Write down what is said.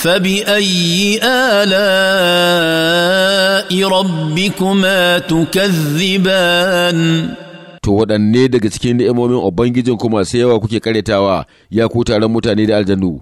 فباي الاء ربكما تكذبان To waɗanne daga cikin ni'imomin Ubangijinku masu yawa kuke karyatawa ya ku taron mutane da aljanu.